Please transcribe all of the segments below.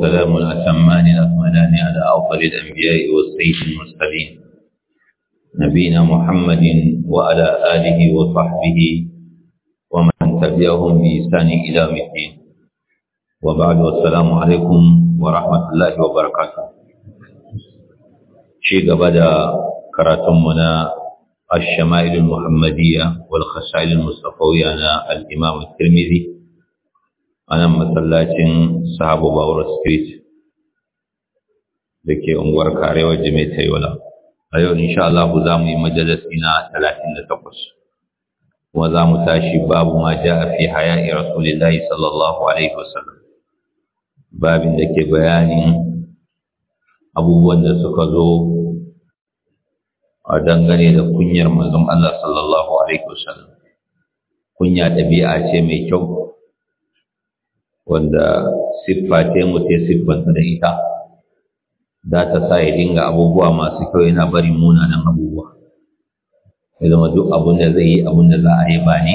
سلام الأتمان الأكملان على أفضل الأنبياء والسيد المرسلين نبينا محمد وعلى آله وصحبه ومن تبعهم بإحسان إلى الدين وبعد والسلام عليكم ورحمة الله وبركاته شيء بدا كراتمنا الشمائل المحمدية والخسائل المصطفوية الإمام الترمذي a nan masallacin sahabu bawar street da ke unguwar karewar jimai ta wala a yau insha Allah za mu yi majalis' ina talatin da takwas kuma za mu tashi babu ma ja a fi a rasulillahi sallallahu alaihi wasallam babin da ke bayanin abubuwan da suka zo a dangane da kunyar manzon Allah sallallahu alaihi wasallam kunya ɗabi'a ce mai kyau wanda siffa ce mu ce siffanta da ita za ta sa ya dinga abubuwa masu kyau yana bari munanan abubuwa ya zama duk abun da zai yi abun da za a yi ba ne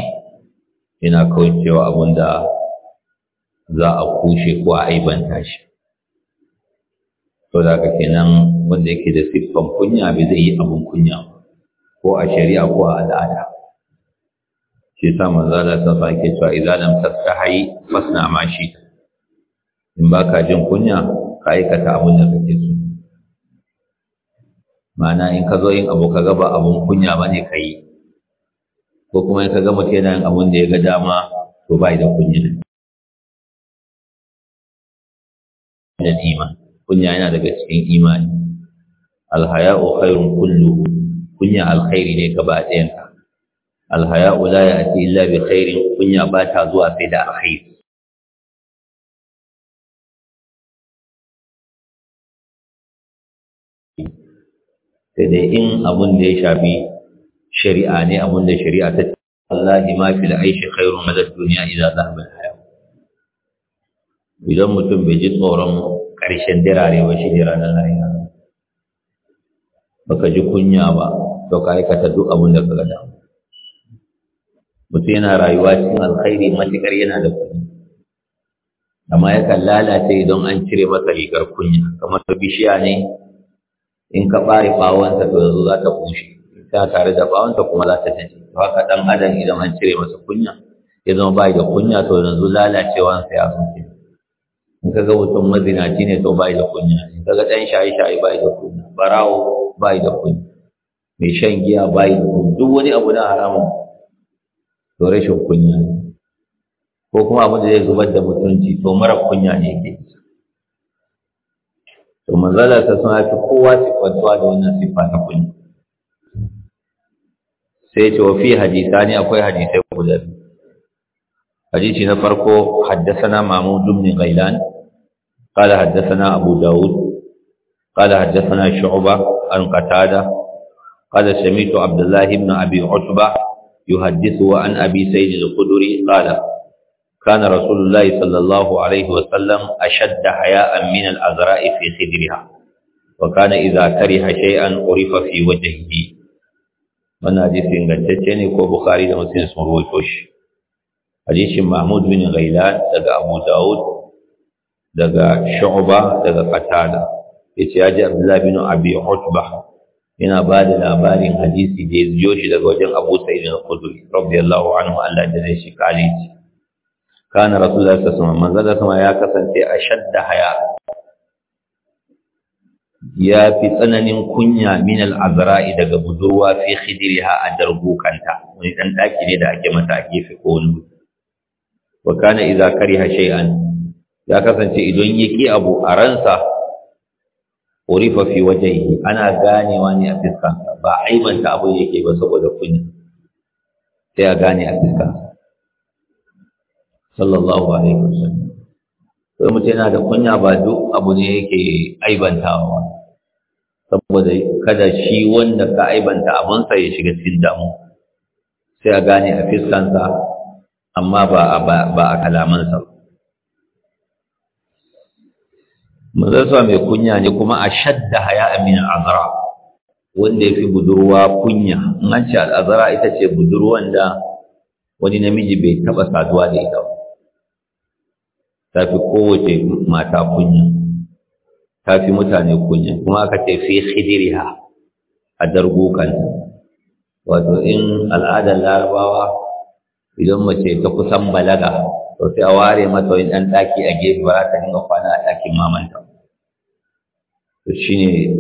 yana kaucewa abun da za a kushe ko a aibanta shi to da ka kenan wanda yake da siffan kunya bai zai yi abun kunya ko a shari'a ko a al'ada shi sa manzo Allah ta fa yake cewa idan lam tastahi fasna ma shi in ka jin kunya ka aikata abin da kake so ma'ana in ka zo yin abu ka ga ba abun kunya bane kai ko kuma in ka ga mutum yana yin abun da ya ga dama to bai da kunya da iman kunya yana daga cikin imani alhaya'u khairun kullu kunya alkhairi ne gaba ɗayan ka alhaya'u la ya'ti illa bi khairin kunya ba ta zuwa sai da alkhairi sai dai in abun da ya shafi shari'a ne abun da shari'a ta Allahi ma fi aishi khairun min duniya idan idza haya idan mutum bai ji tsoron ƙarshen dirare ba shi ne ranar lahira baka ji kunya ba to ka aikata duk abun da ka ga dama mutum yana rayuwa cikin alkhairi matuƙar yana da kuɗi amma yakan lalace idan an cire masa rigar kunya kamar ta bishiya ne in ka ɓare ɓawonta to yanzu za ta bushe ta tare da ɓawonta kuma za ta tafi to haka ɗan adam idan an cire masa kunya ya zama bai da kunya to yanzu lalacewansa ya zo in ka ga mutum mazinaci ne to bai da kunya in ka ga ɗan shaye-shaye bai da kunya barawo bai da kunya mai shan giya bayi. da kunya duk wani abu na haramun to rashin kunya ne ko kuma abin da zai zubar da mutunci to mara kunya ne ke to manzala ta sun haifi kowa siffantuwa da wannan siffa na kunya sai ce wa fi hadisa ne akwai hadisai guda biyu hadisi na farko haddasana mahmud ibn ghailan قال حدثنا أبو داود قال حدثنا شعبة عن قتادة قال سمعت عبد الله بن أبي عتبة yuhaddithu an abi sayyid al-quduri qala kana rasulullahi sallallahu alayhi wa sallam ashadda haya'an min al-azra'i fi khidriha wa kana idha kariha shay'an urifa fi wajhihi wannan hadisi ingantacce ne ko bukhari da muslim sun rawaito shi hadisin mahmud bin ghailan daga abu daud daga shu'ba daga Katada. yace ya ji bin abi utbah yana ba da labarin hadisi da ya shi daga wajen abu sa'id al-khudri radiyallahu anhu Allah da zai shi kare shi kana rasulullahi sallallahu alaihi wasallam sama ya kasance a shadda haya ya fi tsananin kunya min al-azra'i daga budurwa fi khidriha a darbukanta wani dan daki ne da ake mata a gefe ko wani wa kana idza kariha shay'an ya kasance idan yake abu a ransa urifa fi wajhihi ana ganewa ne a fiskan ba aibanta abu yake ba saboda kunya sai a gane a fiskan sallallahu alaihi wasallam sai mutum yana da kunya ba duk abu ne yake aibantawa saboda kada shi wanda ka aibanta abunsa ya shiga cikin damu sai a gane a fiskansa amma ba a kalamansa manzansa mai kunya ne kuma a shadda haya amin azara wanda ya fi budurwa kunya an ce al'azara ita ce budurwan da wani namiji bai taba saduwa da ita ba ta fi kowace mata kunya ta fi mutane kunya kuma aka ce fi khidiriha a dargokanta wato in al'adar larabawa idan mace ta kusan balaga to sai a ware mata wani ɗan ɗaki a gefe ba za ta dinga kwana a ɗakin mamanta to shine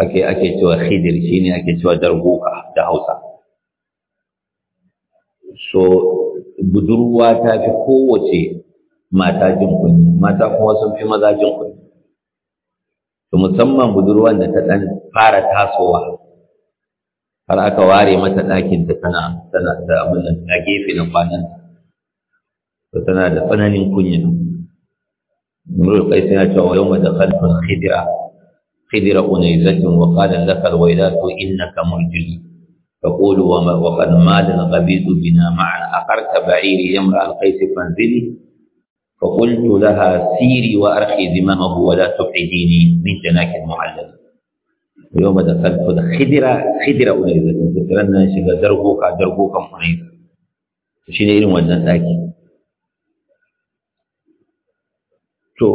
ake ake cewa khidir shine ake cewa darbuka da Hausa so budurwa ta fi kowace mata jin kunya mata kuma sun fi maza jin kunya to musamman budurwan da ta dan fara tasowa har aka ware mata ɗakin ta tana tana da abin da gefe na kwanan فتنا دفنا نكون يوم القيسين أتوا يوم دخلت الخدرة خدرة نيزك وقال لك الويلات إنك مرجلي فقولوا وما وقد مال الغبيض بنا معا أقرت بعيري يمر القيس فانزلي فقلت لها سيري وأرخي ذمامه ولا تبعديني من جناك المعلم ويوم دخلت خدرة خدرة نيزك فترنا شغل دربوك دربوك منيزك شنو يرمو الناس to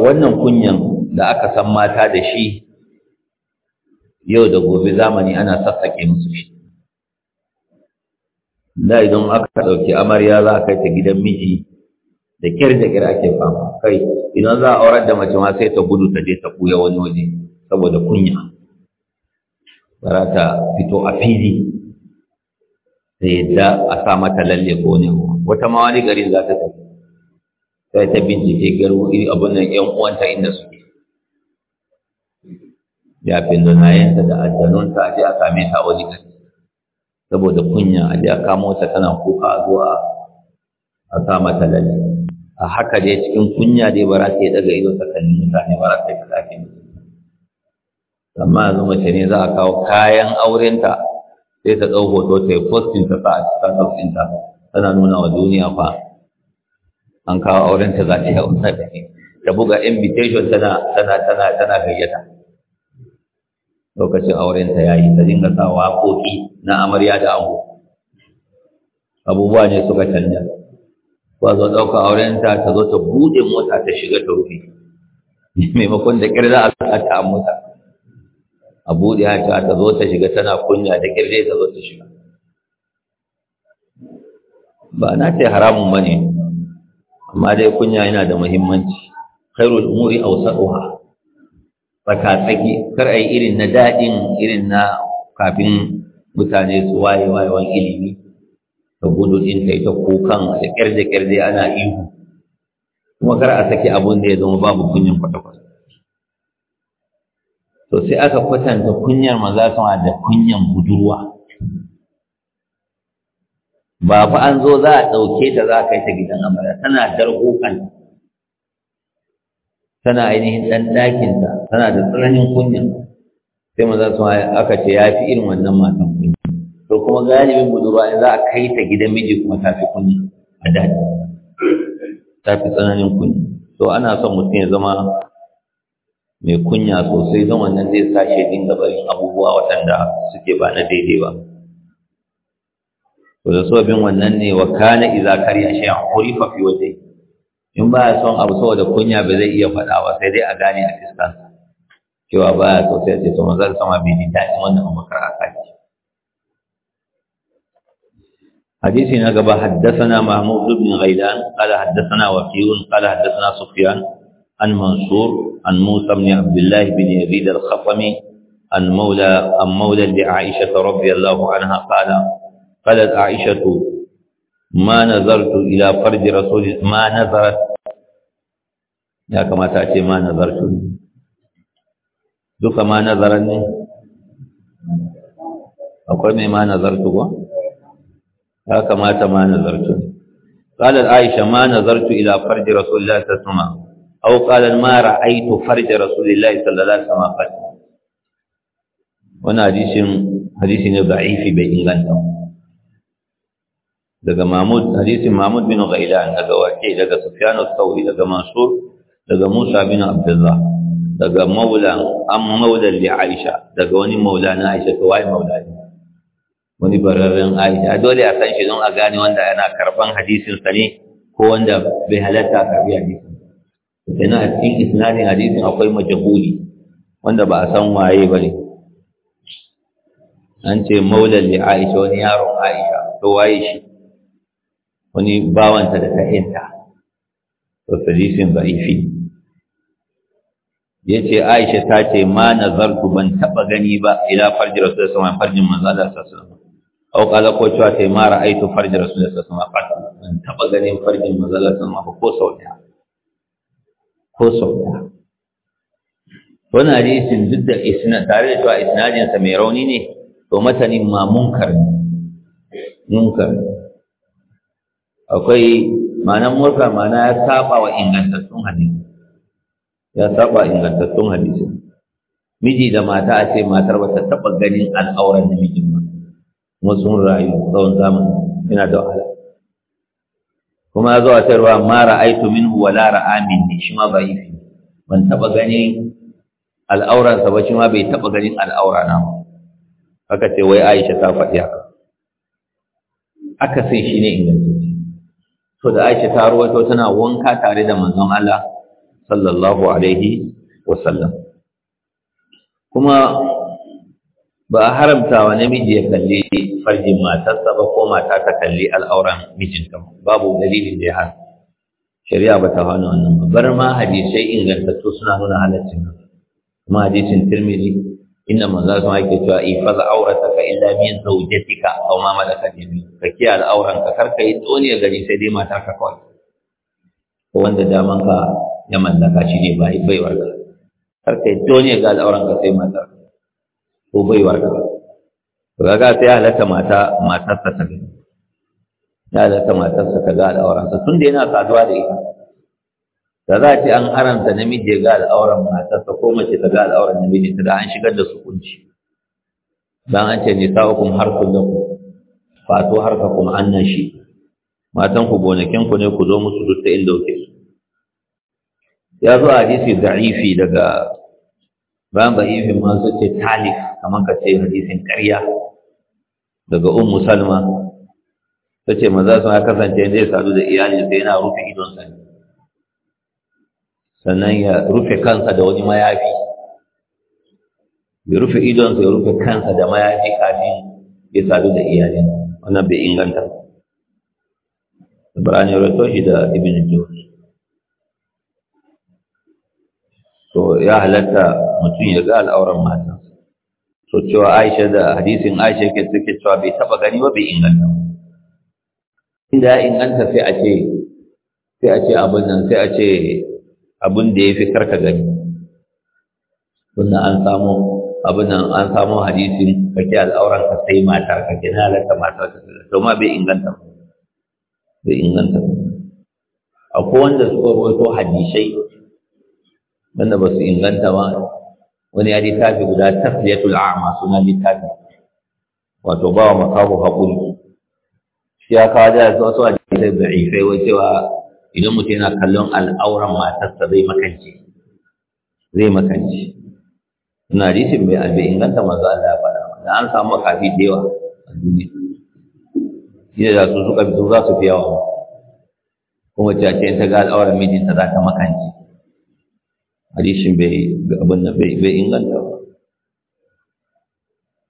wannan kunyan da aka san mata da shi yau da gobe zamani ana sassaƙe musu shi da idan aka ɗauki amarya za a kai ta gidan miji da kyar da kyar ake fama kai idan za a aurar da mace ma sai ta gudu ta je ta ɓuya wani waje saboda kunya ba ta fito a fili da yadda a sa mata lalle ko ne wata ma wani garin za ta tafi sai ta bincike garu abin nan ƴan uwanta inda suke ya fi nunayenta da addanunta a je a same ta wani gari saboda kunya a je a kamo ta tana kuka zuwa a sa mata lalle a haka dai cikin kunya dai ba za ta yi daga ido ta mutane ba za ta yi kalafi amma yanzu mace ne za a kawo kayan aurenta sai ta ɗau hoto ta yi fostin ta sa a cikin ɗaukinta tana nuna wa duniya fa an kawo auren ta za ta yi da ni ta buga invitation tana tana tana tana gayyata lokacin auren ta yayi ta dinga sa waƙoƙi na amarya da ango abubuwa ne suka canja ba zo ɗauka auren ta ta zo ta buɗe mota ta shiga ta rufe maimakon da ƙirza a ta ta mota a buɗe haka ta zo ta shiga tana kunya da ƙirje ta zo ta shiga ba na ce haramun ba ne amma dai kunya yana da muhimmanci khairul umuri awsa'uha tsaka tsaki kar ai irin na dadin irin na kafin mutane su waye wayewan ilimi ta gudu din ta ita kukan da kyar da kyar dai ana ihu kuma kar a saki abun da ya zama babu kunyan kwata-kwata to sai aka kwatanta kunyar maza sama da kunyan budurwa ba fa an zo za a ɗauke ta za a kai ta gidan amarya tana darko kanta tana ainihin ɗan ɗakinta tana da tsananin kunya sai maza su aka ce ya fi irin wannan matan kunya to kuma galibin budurwa in za a kai ta gidan miji kuma ta fi kunya a daɗi ta fi tsananin kunya to ana son mutum ya zama mai kunya sosai don wannan zai sa shi dinga barin abubuwa waɗanda suke ba na daidai ba to so bin wannan ne wa kana idza kariya shay'an urifa fi wajhi in ba son abu saboda kunya ba zai iya fada ba sai dai a gane a fiskan cewa ba ya so sai ce to manzon sama bi din dai wannan kuma abubakar a kai حديث نقبة حدثنا محمود بن غيلان قال حدثنا وكيع قال حدثنا سفيان عن منصور عن موسى بن عبد الله بن يزيد الخطمي عن مولى عن مولى لعائشة رضي الله anha qala قالت عائشة ما نظرت إلى فرج رسول ما نظرت يا كما تأتي ما نظرت دوك ما نظرني أقول ما نظرت يا كما ما نظرت قالت عائشة ما نظرت إلى فرج رسول الله صلى الله عليه وسلم أو قال ما رأيت فرج رسول الله صلى الله عليه وسلم قد وانا حديث حديث ضعيف بين الله daga Mahmud hadisin Mahmud bin Ghailan daga wake daga Sufyan al-Thawri daga Mansur daga Musa bin Abdullah daga maula an maula li Aisha daga wani maula na Aisha to wai maula ne wani bararren Aisha dole a san shi don a gane wanda yana karban hadisin sa ne ko wanda bai halatta karbi hadisin kenan a cikin isnadin hadisin akwai majhuli wanda ba a san waye ba ne. an ce maula li Aisha wani yaron Aisha to waye shi wani bawanta da ta'inta to hadisin da'ifi ya ce aisha ta ce ma nazartu ban taɓa gani ba ila farji rasu da sama farjin manzo Allah sallallahu alaihi wasallam aw ko cewa ta ma ra'aitu farji rasulullah sallallahu alaihi farji ban taɓa ganin farjin manzo Allah sallallahu ko sau ɗaya ko sau ɗaya wannan hadisin duk da isna tare da cewa isnadin sa mai rauni ne to matanin ma munkar munkar akwai ma'anar murka ma'ana ya saba wa ingantattun hadisi ya saba ingantattun hadisi miji da mata a ce matar ba ta taɓa ganin al'auran namijin ba kuma sun rayu tsawon zamani yana da wahala kuma ya zo a cewa ma ra'aitu minhu wa la ra'a minni shi ma ba yi ban taɓa ganin al'auransa ba shi ma bai taɓa ganin al'aura na ba haka ce wai Aisha ta faɗi haka Aka akasin shi ne ingantacce to da Aisha ta ruwato tana wanka tare da manzon Allah sallallahu alaihi wasallam kuma ba a haramta wa namiji ya kalli farjin matarsa ba ko mata ta kalli al'auran mijinta babu dalilin da ya hana shari'a ba ta hana wannan ba bar ma hadisai ingantattu suna nuna halaccin kuma hadisin tirmidhi inda manzo sun ake cewa ifaz ka illa min zawjatika aw ma malaka yamin ka kiya al'auran ka karka yi tsoniya gari sai dai mata ka kawai ko wanda daman ka ya mallaka shi ne bai baiwar ka karka yi tsoniya ga al'auran ka sai matar ko baiwar ka kaga sai halatta mata matar ta gani ya halatta matar ta ga al'auran sa tunda yana saduwa da ita da za a ce an haramta namiji ya ga al'auran matarsa ko mace ta ga al'auran namiji ta da an shigar da su kunci dan an ce nisa'ukum harkun har ka kuma annan shi matan ku gonakin ku ne ku zo musu duk ta inda kuke ya zo a hadisi da'ifi daga bayan da'ifin ma su ce talif kamar ka ce hadisin ƙarya daga ummu salma ta ce maza sun kasance zai sadu da iyali sai yana rufe idonsa ne sannan ya rufe kansa da wani mayafi ya rufe idonsa ya rufe kansa da mayafi kafin ya sadu da iyali wannan bai inganta Ibrahim ya rato shi da Ibn Jawzi to ya halatta mutum ya ga al'auran matansa to cewa Aisha da hadisin Aisha ke suke cewa bai taba gani ba bai inganta inda ya inganta sai a ce sai a ce abin nan sai a ce abin da ya fi karka gani wannan an samu abin nan an samu hadisin ka ce al'auran ka sai matar ka kina halatta matar ka to ma bai inganta bai inganta akwai wanda suka rawaito hadisai wanda ba su inganta ba wani ya littafi guda tasliyatul a'ma sunan littafi wato ba wa makafu haƙuri shi ya kawo da wasu hadisai yi wai cewa idan mutum yana kallon al'auran matarsa zai makance zai makance ina hadisin mai albe inganta manzo Allah ya fara da an samu makafi da yawa a duniya shine da su suka fito za su fi yawa kuma ta ce ta ga al'auran mijinta za ta makance hadisin bai abin da bai inganta ba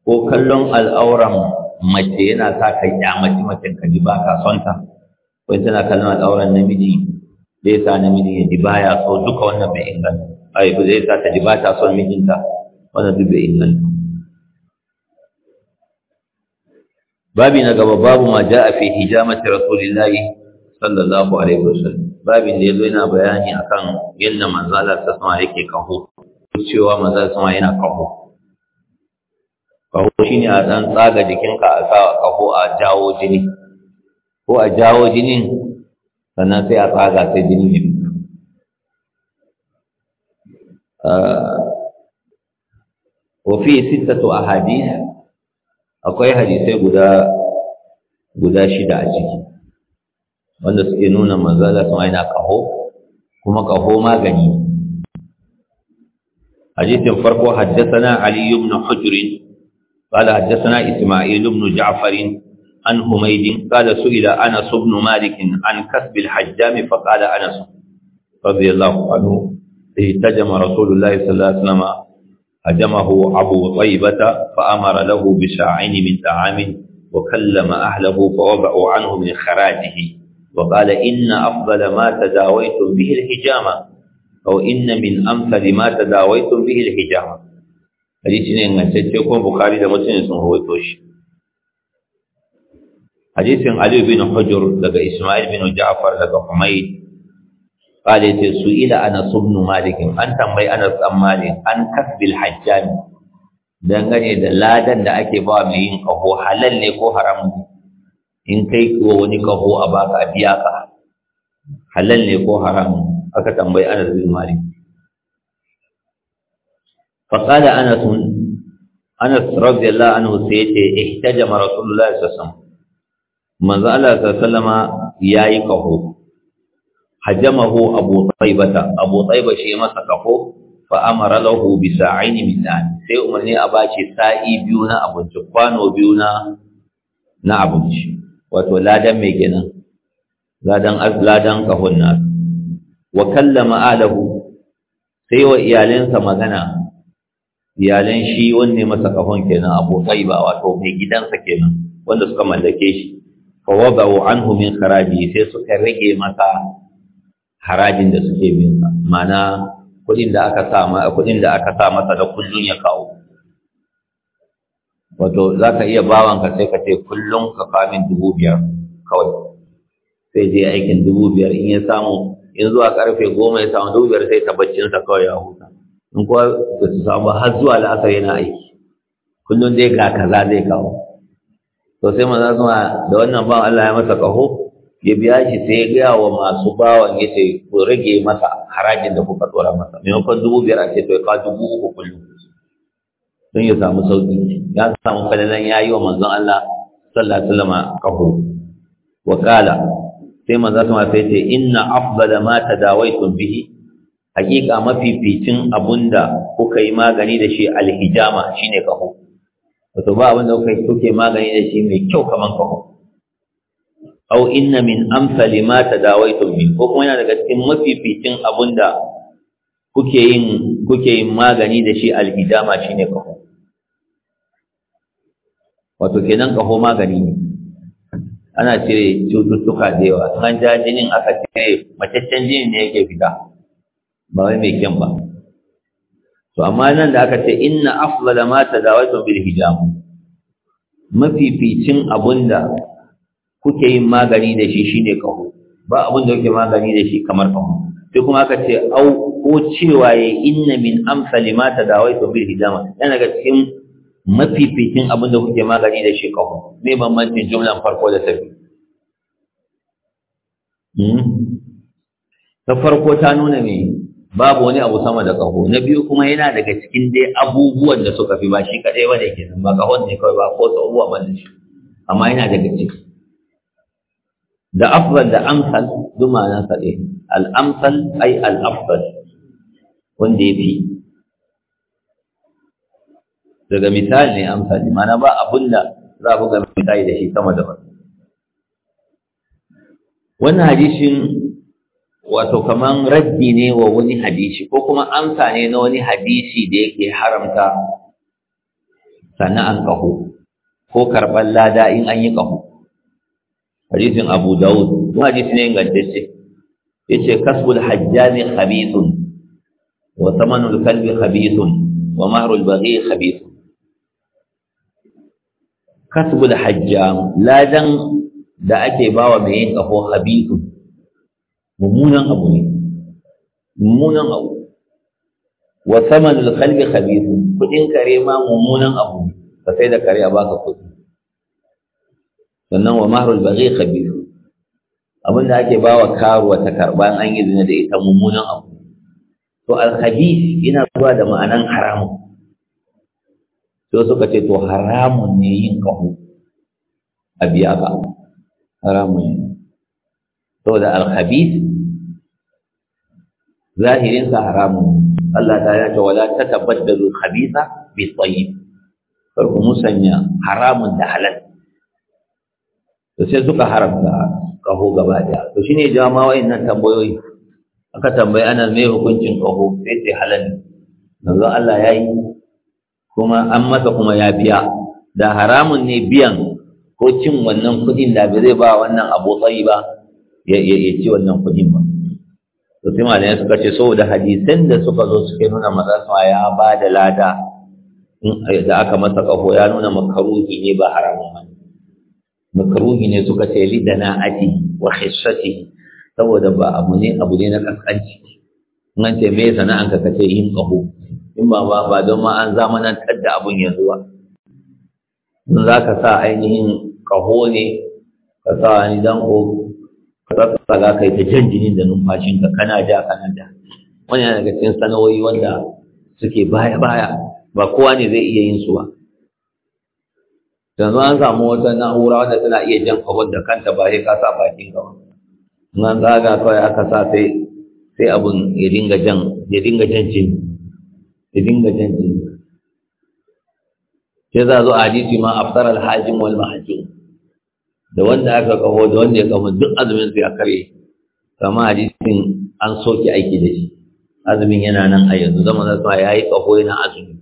ko kallon al'auran mace yana sa ka kyamaci mace ka ji ba ka son ta wai tana kallon al'auran namiji zai sa namiji ya ji baya so duka wannan bai inganta ai ba zai sa ta ji ba ta son mijinta wannan duk bai inganta babi na gaba babu ma ja'a fi hijamati rasulillahi sallallahu alaihi wasallam babi da yazo yana bayani akan yadda manzo Allah ta sama yake kaho cewa manzo Allah sama yana kaho kaho shine a dan tsaga jikinka a sa kaho a jawo jini ko a jawo jinin sannan sai a tsaga sai jinin ya fito to ah, sittatu ahadith akwai hadisai guda guda shida a ciki wanda suke nuna Allah sun aina kaho kuma kaho magani hadisin farko na ali ibn hujr قال حدثنا إسماعيل بن جعفر عن حميد قال سئل أنس بن مالك عن كسب الحجام فقال أنس رضي الله عنه اهتجم رسول الله صلى الله عليه وسلم هجمه أبو طيبة فأمر له بشاعين من طعام وكلم أهله فوضعوا عنه من خراجه وقال إن أفضل ما تداويتم به الحجامة أو إن من أمثل ما تداويتم به الحجامة حديثنا إن أنت بخاري ده هو توشي hadisin Ali bin Hujr daga Ismail bin Ja'far daga Humayd ce su ila Anas ibn Malik an tambayi Anas ibn Malik an kasbil hajjan dangane da ladan da ake ba mai yin kaho halal ne ko haram ne in kai ko wani kaho a baka a biya ka halal ne ko haram aka tambayi Anas bin Malik fa qala Anas Anas radiyallahu anhu sai ya ce ihtajama Rasulullahi sallallahu alaihi wasallam manzo Allah sallama yayi kaho hajamahu abu taibata abu taiba shi masa kaho fa amara lahu bi sa'aini min nan sai umarni a bace sa'i biyu na abinci kwano biyu na na abinci wato ladan mai kenan ladan ladan kahon na wa kallama alahu sai wa iyalinsa magana iyalan shi wanne masa kahon kenan abu taiba wato mai gidansa kenan wanda suka mallake shi fa wada'u anhu min kharaji sai su kan rage masa harajin da suke min sa ma'ana kuɗin da aka sa ma kudin da aka sa masa da kullun ya kawo wato za ka iya ka sai ka ce kullun ka kamin dubu biyar kawai sai je aikin dubu biyar in ya samu in zuwa karfe goma ya samu dubu biyar sai ta sa kawai ya huta in kuwa su samu har zuwa la'asar yana aiki Kullun dai ga kaza zai kawo to sai manzo sama da wannan bawan Allah ya masa kaho ya biya shi sai ya gaya wa masu bawan ya ce ku rage masa harajin da kuka tsora masa maimakon dubu biyar a ce to ya kawo dubu uku kullum don ya samu sauki ya samu falalan ya yi wa manzon Allah sallallahu alaihi wasallam kaho wa qala sai manzo sama sai ce inna afdala ma tadawaitum bihi hakika mafificin abunda kuka yi magani da shi alhijama shine kaho wato ba abin da kuka kuke magani da shi mai kyau kaman kaho aw inna min amsali ma tadawaitum min ko kuma yana daga cikin mafificin abin da kuke yin kuke yin magani da shi alhidama shine kaho wato kenan kaho magani ne ana cire cututtuka da yawa an ja jinin aka cire mataccen jinin ne yake fita ba wai mai kyan ba to amma nan da aka ce inna afdala ma tadawatu bil hijab mafificin abunda kuke yin magani da shi shine kaho ba abunda kuke magani da shi kamar kaho sai kuma aka ce au ko cewa ya inna min amsali ma tadawatu bil hijab yana daga cikin mafificin abunda kuke magani da shi kaho me bambancin jumlan farko da ta biyu hmm? ta farko ta nuna me babu wani abu sama da kaho na biyu kuma yana daga cikin dai abubuwan da suka fi ba shi kadai ke kenan ba kahon ne kawai ba ko tsawo ba shi amma yana daga ciki da afdal da amsal duma na sade al amsal ai al afdal wanda ya fi. daga misali ne amsali mana ba abun da za a buga misali da shi sama da wannan hadisin wato kaman raddi ne wa wani hadisi ko kuma amsa ne na wani hadisi da yake haramta sana'an ƙaho ko karɓar lada in an yi ƙaho hadisin abu dawud ko hadisi ne ingantacce ya ce kasbul hajjami khabithun wa samanul kalbi khabithun wa mahrul baghi khabithun kasbul hajjam ladan da ake bawa mai yin ƙaho khabithun mummunan abu ne mummunan abu wa samanul kalbi khabithu kudin kare ma mummunan abu ka sai da kare a baka kudi sannan wa mahrul baghi Abin da ake bawa karuwa ta karba an yi zina da ita mummunan abu to al ina yana zuwa da ma'anan haramun To suka ce to haramun ne yin kahu a biya ka haramun ne saboda al-khabith zahirin haramun Allah ta ya wala tatabaddalu khabitha bi tayyib kar ku musanya haramun da halal to sai suka haramta kaho gaba daya to shine jama'a wayannan tambayoyi aka tambayi ana me hukuncin kaho sai sai halal manzo Allah yayi kuma an masa kuma ya biya da haramun ne biyan ko cin wannan kudin da bai zai ba wannan abu tsayi ba ya ci wannan kuɗin ba to sai malamai suka ce saboda hadisan da suka zo suke nuna maza ya ba da lada da aka masa kaho, ya nuna makaruhi ne ba haramun ba makaruhi ne suka ce dana ati wa hissati saboda ba abu ne abu ne na kaskanci nan ce me sana'an ka kace yin ƙaho in ba ba ba don ma an zamanantar da abun yanzu ba za ka sa ainihin ƙaho ne ka sa ni danko za ka za ka yi ta jan jinin da numfashinka kana ja kana ja wani yana daga cikin sanawoyi wanda suke baya baya ba kowa ne zai iya yin su ba yanzu an samu wata na'ura wanda tana iya jan abin da kanta ba sai ka sa bakin gaba in an zaga kawai aka sa sai sai abun ya dinga jan ya dinga jan jini ya dinga jan jini sai za zo a hadisi ma aftar alhajin wal mahajin da wanda aka kaho da wanda ya kaho duk azumin su ya karye kama hadisin an soke aiki da shi azumin yana nan a yanzu zama za su ya yi kaho yana azumi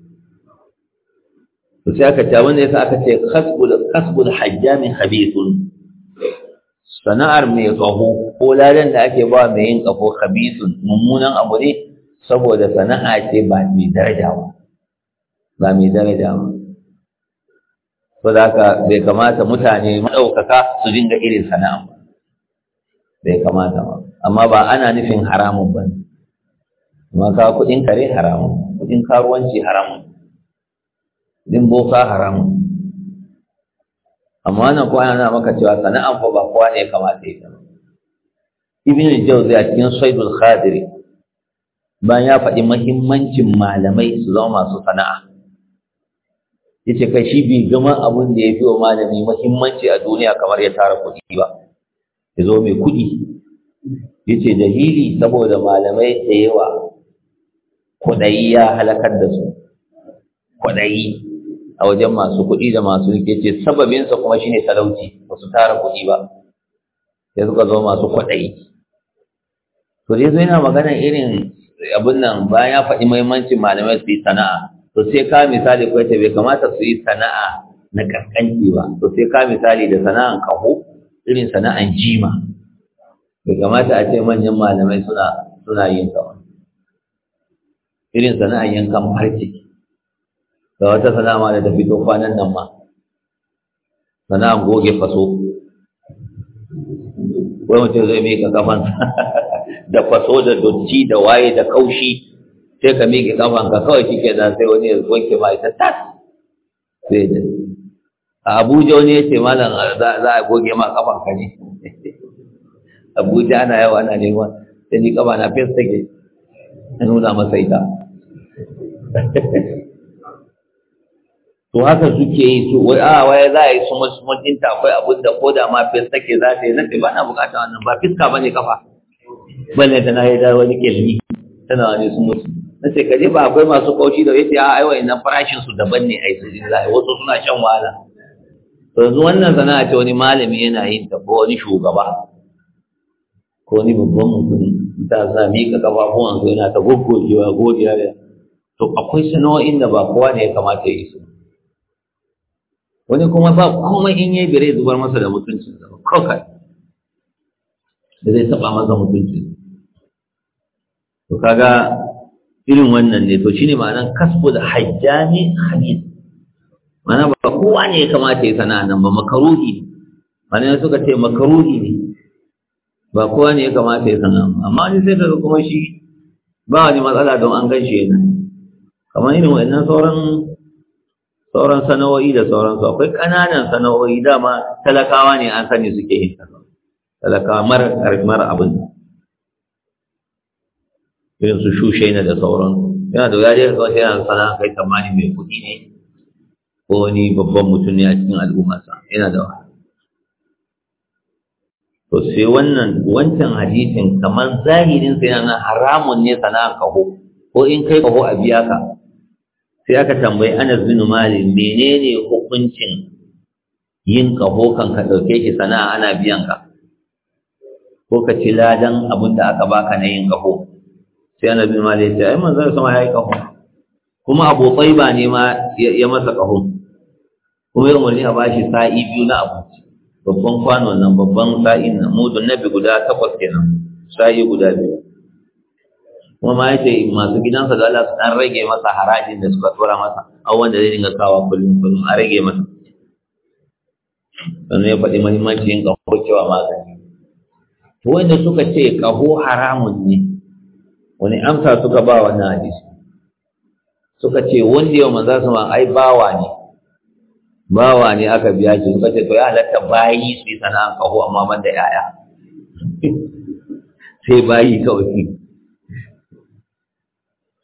to sai aka ta wanda sa aka ce kasbul kasbul hajjamin habisun sana'ar mai kaho ko ladan da ake ba mai yin kaho habisun mummunan abu ne saboda sana'a ce ba mai daraja ba ba mai daraja ba so za ka bai kamata mutane maɗaukaka su dinga irin sana'a ba bai kamata ba amma ba ana nufin haramun ba ne amma ka kuɗin kare haramun kuɗin karuwanci haramun kuɗin boka haramun amma wannan kwana na maka cewa sana'an fa ba kowa ne kamata ya zama ibn jawzi a cikin saidul khadiri bayan ya faɗi mahimmancin malamai su zama masu sana'a yace kai shi bai gama abin da ya fi wa malami muhimmanci a duniya kamar ya tara kuɗi ba ya zo mai kuɗi yace dalili saboda malamai da yawa kuɗayi ya halakar da su kuɗayi a wajen masu kuɗi da masu yace sababinsa kuma shine talauci ba su tara kuɗi ba sai suka zo masu kwaɗayi to dai yana magana irin abin nan bayan ya faɗi muhimmancin malamai su sana'a to sai ka misali ko bai kamata su yi sana'a na kankanci ba to sai ka misali da sana'an kaho irin sana'an jima bai kamata a ce manyan malamai suna suna yin ta irin sana'an yankan farce da wata sana'a ma da ta fito kwanan nan ma sana'an goge faso wai mutum zai mika kafansa da faso da dotti da waye da kaushi sai ka miƙe kafanka kawai shi ke nan sai wani ya wanke ma ita tas sai da a abuja wani ya ce malam za a goge ma kafanka ne abuja ana yawa ana neman sai ni ƙafa na fesa ke, na nuna masa ita to haka suke yi su wai a ah, waye za a yi su musulman dinta akwai abin da ko da ma fes take za ta yi nan ba na bukata wannan ba fiska ba ne kafa balle tana yi da wani kelmi tana wani sun musulman na ce kaje ba akwai masu kaushi da yace a ai idan farashin su daban ne ai su jira wasu suna shan wahala yanzu wannan sana'a ce wani malami yana yin ta ko wani shugaba ko ni babban mutum ka sa mika an su yana ta gogojewa godiya da to akwai sana'o'in da ba kowa ne ya kamata ya yi su wani kuma ba komai in yayi bire zubar masa da mutuncin sa kokar da zai taba masa mutuncin to kaga irin wannan ne to shine ma'anan kasbu da hajjani khabis mana ba kowa ne ya kamata ya sana'a nan ba makaruhi ne mana suka ce makaruhi ne ba kowa ne ya kamata ya sana'a amma wani sai daga kuma shi ba wani matsala don an gaishe yana kamar irin wannan sauran sauran sana'o'i da sauransu akwai ƙananan sana'o'i dama talakawa ne an sani suke yin talakawa mara abin irin su shushe na da sauran yana da gaje wani yana sana kai tsammani mai kuɗi ne ko wani babban mutum ne a cikin al'ummarsa yana da wahala to sai wannan wancan hadisin kamar zahirin sai yana haramun ne sana kaho ko in kai kaho a biya ka sai aka tambayi Anas bin Malik menene hukuncin yin kaho kan ka dauke shi sana'a ana biyan ka ko ka ci ladan abin da aka baka na yin kaho sai annabi ma ya ce ai manzo sama ya yi kuma abu tsaiba ne ma ya masa kahon kuma ya umarni a bashi sa'i biyu na abinci babban kwano nan babban na. nan mudun nabi guda takwas kenan sa'i guda biyu kuma ma ce masu gidansa da Allah su dan rage masa harajin da suka tura masa awon wanda zai dinga sawa kullum kullum a rage masa sannan ya faɗi mahimmancin yin ƙaho cewa magani wanda suka ce ƙaho haramun ne wani amsa suka ba wannan hadisi suka ce wanda yau manzo sama ai bawa ne bawa ne aka biya shi suka ce to ya halatta bayi su yi sana'a kaho amma ban da yaya sai bayi kawai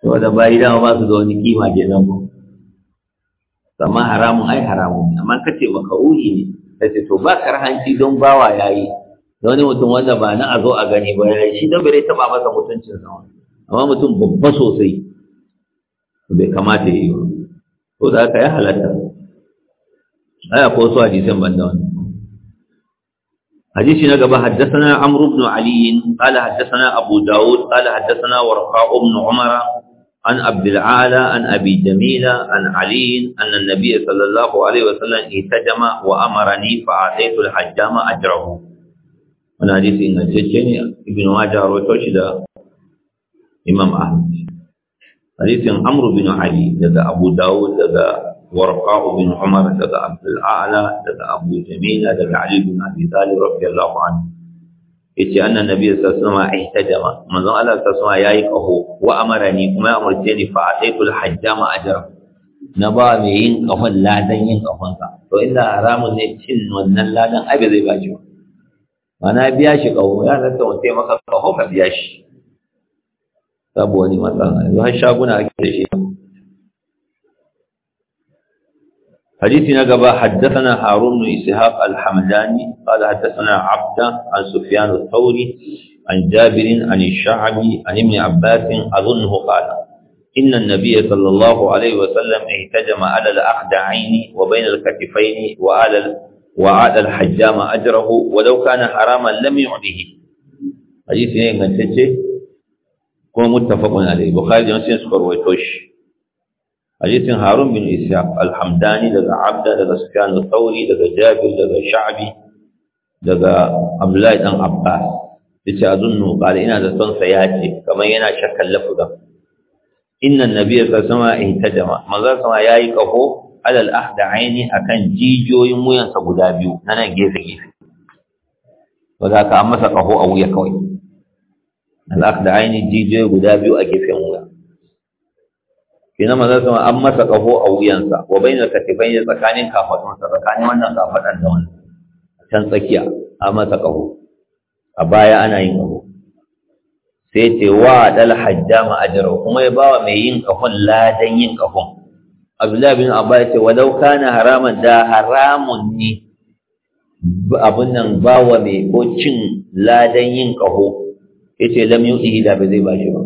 saboda bayi dama ba su da wani kima ke nan ba amma haramun ai haramun amma ka ce kace makaruhi ne ce to ba karhanci don bawa yayi da wani mutum wanda ba na a zo a gani ba yayi shi don bai taba masa mutuncin sama. amma mutum babba sosai bai kamata ya yi ba ko za ka yi halatta aya ko su hadisan banda wani حديث نقبة حدثنا عمرو بن علي قال حدثنا أبو داود قال حدثنا ورقاء بن عمر عن عبد العالى عن أبي جميل عن علي أن النبي صلى الله عليه وسلم اهتجم وأمرني فأعطيت الحجام أجره wannan hadisi ingantacce ne ibn majah rawaito shi da imam ahmad hadisin amr bin ali daga abu dawud daga ورقاء bin Umar daga Abdul ala daga أبو جميل daga علي بن أبي طالب رضي الله عنه yace annan nabi sallallahu alaihi wasallam ihtajama manzon Allah sallallahu alaihi wasallam yayi kaho wa amarani kuma ya umarce ni fa ataitul hajjama ajra na ba mai yin kafan ladan yin kafan ka to inda haramun ne cin wannan ladan abi zai ba shi mana biya shi kaho ya san ta wace maka kaho ka biya shi babu wani matsala yanzu har shaguna ake da shi حديث نقبة حدثنا هارون بن إسحاق الحمداني قال حدثنا عبدة عن سفيان الثوري عن جابر عن الشعبي عن ابن عباس أظنه قال إن النبي صلى الله عليه وسلم اهتجم على الأخدعين وبين الكتفين وعلى وعلى الحجام أجره ولو كان حراما لم يعده حديث نقبة kuma muttafaqun alayhi bukhari da muslim suka rawaito shi hadisin harun bin ishaq alhamdani daga abda daga sufyan al-thawri daga jabir daga sha'bi daga abdullahi dan abbas yace azunnu qala ina da son sa yace kamar yana shakkan lafuzan inna nabiyya sallallahu alaihi wasallam ihtajama manzo sama yayi kaho alal ahda aini akan jijiyoyin wuyansa guda biyu na nan gefe gefe wanda ka masa kaho a wuya kawai al'af da ainihin jijiyoyi guda biyu a gefen wuya kenan maza sama an masa ƙaho a wuyansa wa bai na bai ne tsakanin kafaɗunsa tsakanin wannan kafaɗan da wannan can tsakiya an masa ƙaho a baya ana yin ƙaho sai ce wa ɗal hajjama ajrahu kuma ya bawa mai yin ƙahon ladan yin ƙahon abdullahi bin abba ya ce walau na haraman da haramun ne abun nan bawa mai ko cin ladan yin ƙaho yace lam yu'ti da ba zai bashi ba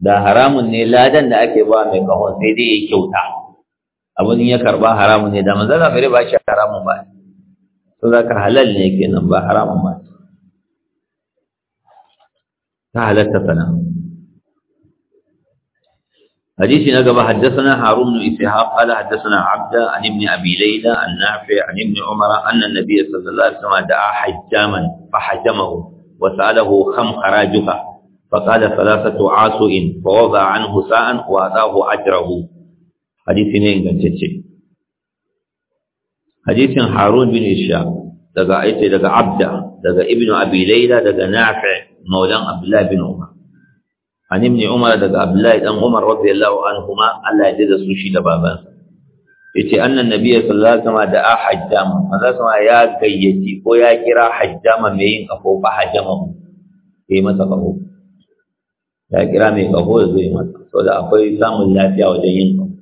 da haramun ne ladan da ake ba mai kahon sai dai ya kyauta abin ya karba haramun ne da manzon Allah bai shi haramun ba to zaka halal ne kenan ba haramun ba ta halatta sana حديث نقب حدثنا هارون بن إسحاق قال حدثنا عبد عن ابن أبي ليلى عن نافع عن ابن عمر أن النبي صلى الله عليه وسلم دعا حجاما فحجمه وسأله خم خراجها فقال ثلاثة عاسو فوضع عنه ساء وأعطاه أجره حديث نين قنشتش حديث هارون بن هشام دقا أيتي دقا عبدة دقا ابن أبي ليلى دقا نافع مولان عبد الله بن عمر عن ابن عمر دقا عبد الله بن عمر رضي الله عنهما ألا يجد سوشي لبابا yace annan nabiyyu sallallahu alaihi wasallam da ahajjam manzo sama ya gayyaci ko ya kira hajjama mai yin kafo fa hajjama sai masa kafo ya kira mai kafo da zai masa saboda akwai samun lafiya wajen yin kafo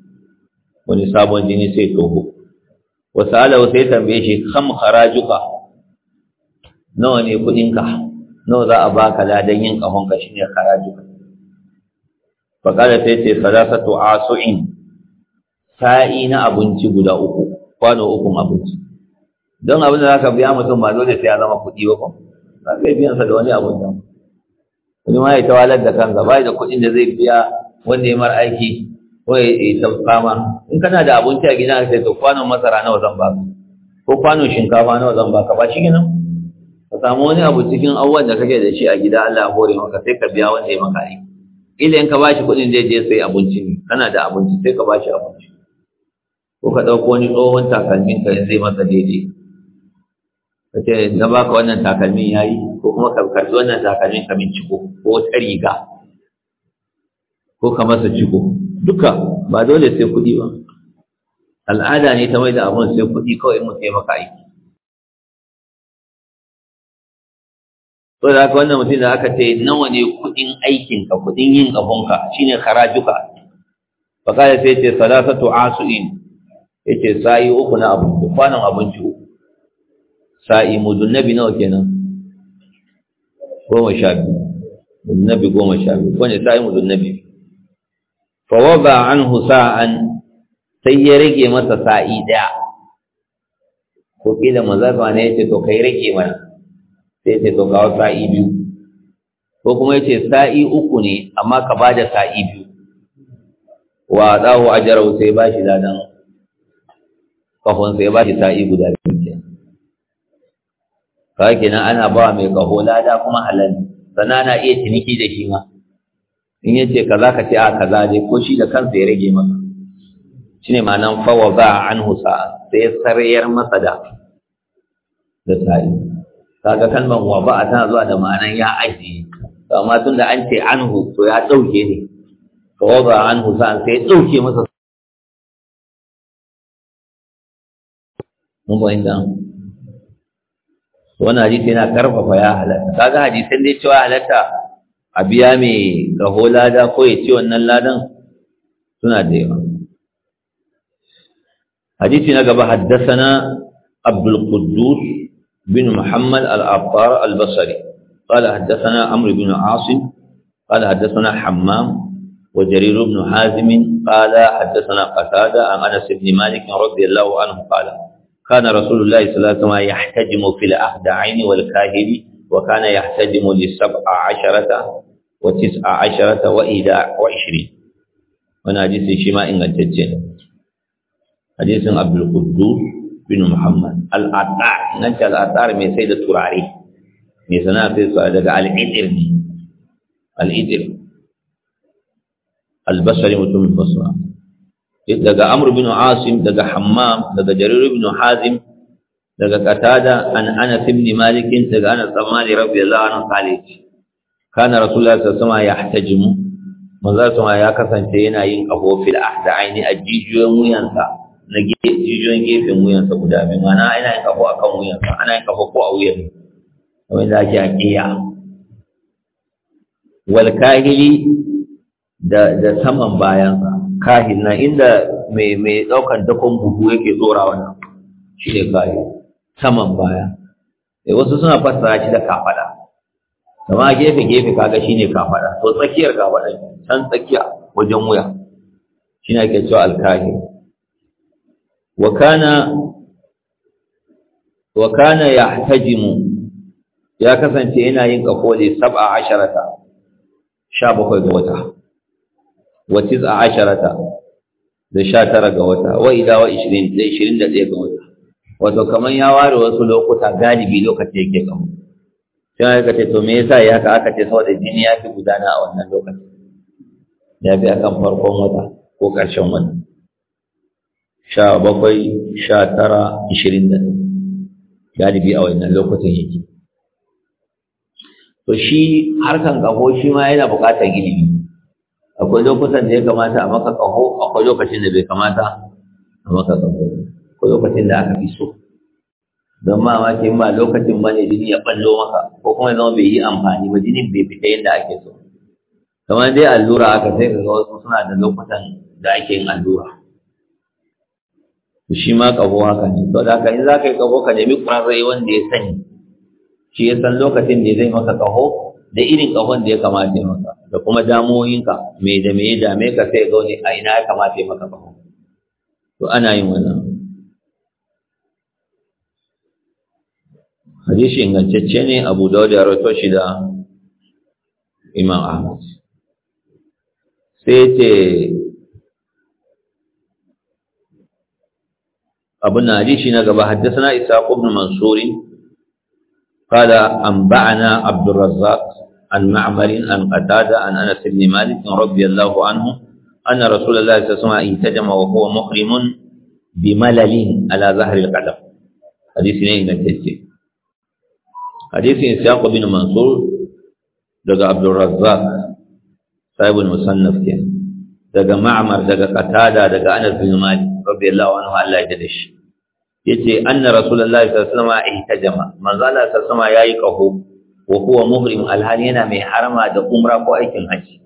wani sabon jini sai toho wasu wa sai tambaye shi kam harajuka nawa ne ka nawa za a baka ladan yin ka shine harajuka faƙada sai ce salasatu asu'in sa'i na abinci guda uku kwano ukun abinci don abin da zaka biya mutum ba dole sai ya zama kuɗi ba ko za ka yi sa da wani abu da wani ma ya tawalar da kanka bai da kuɗin da zai biya wanda ya mar aiki ko ya yi ma in kana da abinci a gidan sai to kwanon masara nawa zan baka ko kwanon shinkafa nawa zan baka ba shi kenan ka samu wani abu cikin abubuwan da kake da shi a gida Allah hore maka sai ka biya wanda ya maka aiki ila in ka bashi kuɗin zai je sai abinci ne kana da abinci sai ka bashi abinci ko ka ɗauko wani tsohon takalmin ka zai masa daidai ka ce na baka wannan takalmin ya yi ko kuma ka karɓi wannan takalmin ka min ciko ko wata riga ko ka masa ciko duka ba dole sai kuɗi ba al'ada ne ta mai da abun sai kuɗi kawai mu sai maka aiki ko da haka wannan mutum da aka ce nawa ne kuɗin aikinka kuɗin yin abunka shine harajuka fa kala sai ce salasatu asu'in yace sa'i uku na abinci kwanan abinci uku sa'i mudunnabi nawa kenan goma sha biyu mudunnabi goma sha biyu kone sa'i mudunnabi fa an anhu sa'an sai ya rage masa sa'i daya ko kila mazafa ne yace to kai rage mana sai yace to kawo sa'i biyu ko kuma yace sa'i uku ne amma ka bada sa'i biyu wa dawo ajaru sai bashi dadan. kahonsa ya ba shi sa'i guda biyu kawai kenan ana ba mai kaho lada kuma halal sannan ana iya ciniki da shi ma in ya ce kaza ka ce a kaza ne ko shi da kansa ya rage masa shi ne ma'anan fawa za an husa sai ya sarayar masa da da sa'i kaga kalmar wa ba tana zuwa da ma'anan ya ajiye amma tun da an ce anhu to ya ɗauke ne fawa za anhu husa sai ya ɗauke masa mun fahimta wannan hadisi yana karfafa ya halatta kaga hadisin dai cewa halatta a biya mai kaho lada ko ya ce wannan ladan suna da yawa hadisi na gaba haddasana عبد القدوس بن محمد al البصري قال حدثنا عمرو بن عاصم قال حدثنا حمام وجرير بن حازم قال حدثنا قتادة عن أنس بن مالك رضي الله عنه قال kana rasulullahi sallallahu alaihi wasallam yahtajimu fil ahdain wal kahiri wa kana yahtajimu li sab'a asharata wa tis'a asharata wa ida 20 wannan hadisi shi ma ingantacce ne hadisin abdul quddus bin muhammad al-atar nan ta al-atar mai sai da turare mai sana'a sai daga al-idir ne al-idir al-basri mutum basra daga amr bin asim daga hammam daga jarir bin hazim daga qatada an anas ibn malik daga anas ibn Rabbi Allah an Khalid. kana Rasulullah sallallahu alaihi wasallam yahtajim manzo sama ya kasance yana yin aho fil ahdaini ajijiyoyin wuyansa na jijiyoyin gefen wuyansa guda biyu mana yana yin aho akan wuyansa ana yin aho ko a wuyan da ake aqiya wal kahili da da saman bayansa kahin na inda mai mai daukan dakon buhu yake tsora wannan shi ne kahin saman baya eh wasu suna fassara shi da kafada amma gefe gefe kaga ne kafada to tsakiyar kafada can tsakiya wajen wuya ne ake cewa alkahi wa kana wa kana yahtajimu ya kasance yana yin kafoli 17 sha bakwai ga wata wa tis'a asharata da sha tara ga wata wa idza wa ishirin da ishirin da ɗaya ga wata wato kamar ya ware wasu lokuta galibi lokaci yake kama sai aka ce to me yasa ya ka aka ce saboda jini ya fi gudana a wannan lokaci ya fi akan farkon wata ko ƙarshen wata sha bakwai sha tara ishirin da galibi a wannan lokacin yake to shi harkan ƙaho shi ma yana buƙatar ilimi akwai lokutan da ya kamata a maka ƙaho, akwai lokacin da bai kamata a maka ƙaho. akwai lokacin da aka fi so don ma mamaki ba lokacin ne jini ya ɓallo maka ko kuma zama bai yi amfani ba jinin bai fita yadda ake so kamar dai allura aka sai ka ga wasu suna da lokutan da ake yin allura shi ma ƙaho haka ne to da in za ka yi ƙaho ka nemi ƙwararre wanda ya sani shi ya san lokacin da zai maka ƙaho? da irin ƙahon da ya kamata ya maka da kuma damoyinka me da me ya dame ka sai ga wani a ina ya kamata ya maka ƙahon to ana yin wannan Hadishi ingantacce ne abu dawud ya rawaito shi da imam ahmad sai ce abu na hadishi na gaba haddasa na isa ibn mansuri قال أنبعنا عبد الرزاق عن معمر عن قتادة عن أنس بن مالك رضي الله عنه أن رسول الله صلى الله عليه وسلم انتجم وهو محرم بملل على ظهر القدم حديث نين نتيجة حديث إسحاق بن منصور دقى عبد الرزاق صاحب المصنف كان دقى معمر دقى قتادة دقى أنس بن مالك رضي الله عنه الله يجدش yace anna rasulullahi sallallahu alaihi wasallam ihtajama manzo Allah sallallahu alaihi wasallam yayi kaho wa huwa muhrim alhali yana mai harama da umra ko aikin haji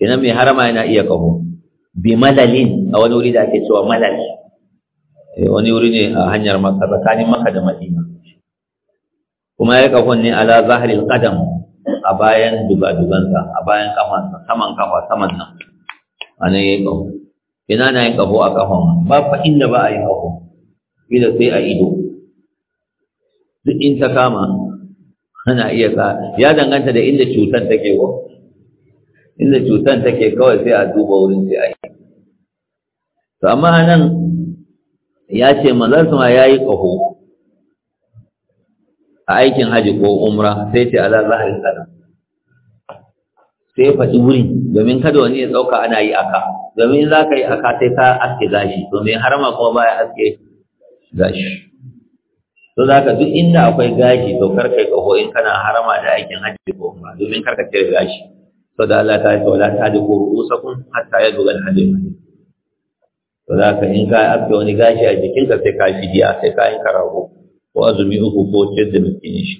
kenan mai harama yana iya kaho bi malalin a wani wuri da ake cewa malal eh, wani wuri ne a hanyar maka tsakanin maka da madina kuma ya kahon ne ala zahril qadam a bayan dugadugansa a bayan kafa saman kafa saman nan anan ya kaho ina na yi kaho a kafa? ba fa inda ba a yi kaho bila sai a ido duk in ta kama ana iya ka ya danganta da inda cutar take ko inda cutar take kawai sai a duba wurin sai a yi to amma nan ya ce manzon sama ya yi ƙaho a aikin haji ko umra sai ce ala zahirin sana sai faɗi wuri domin kada wani ya ɗauka ana yi aka domin za ka yi aka sai ka aske gashi domin harama kuma baya aske gashi to za ka duk inda akwai gashi to kar kai kaho in kana harama da aikin hajji ko umra domin kar ka cire gashi to da Allah ta ce wala tadiku ru'usakum hatta yadugha hajji hadith to za ka in ka abda wani gashi a jikinka sai ka fidiya sai ka yin karago ko azumi uku ko ciyar da miskin shi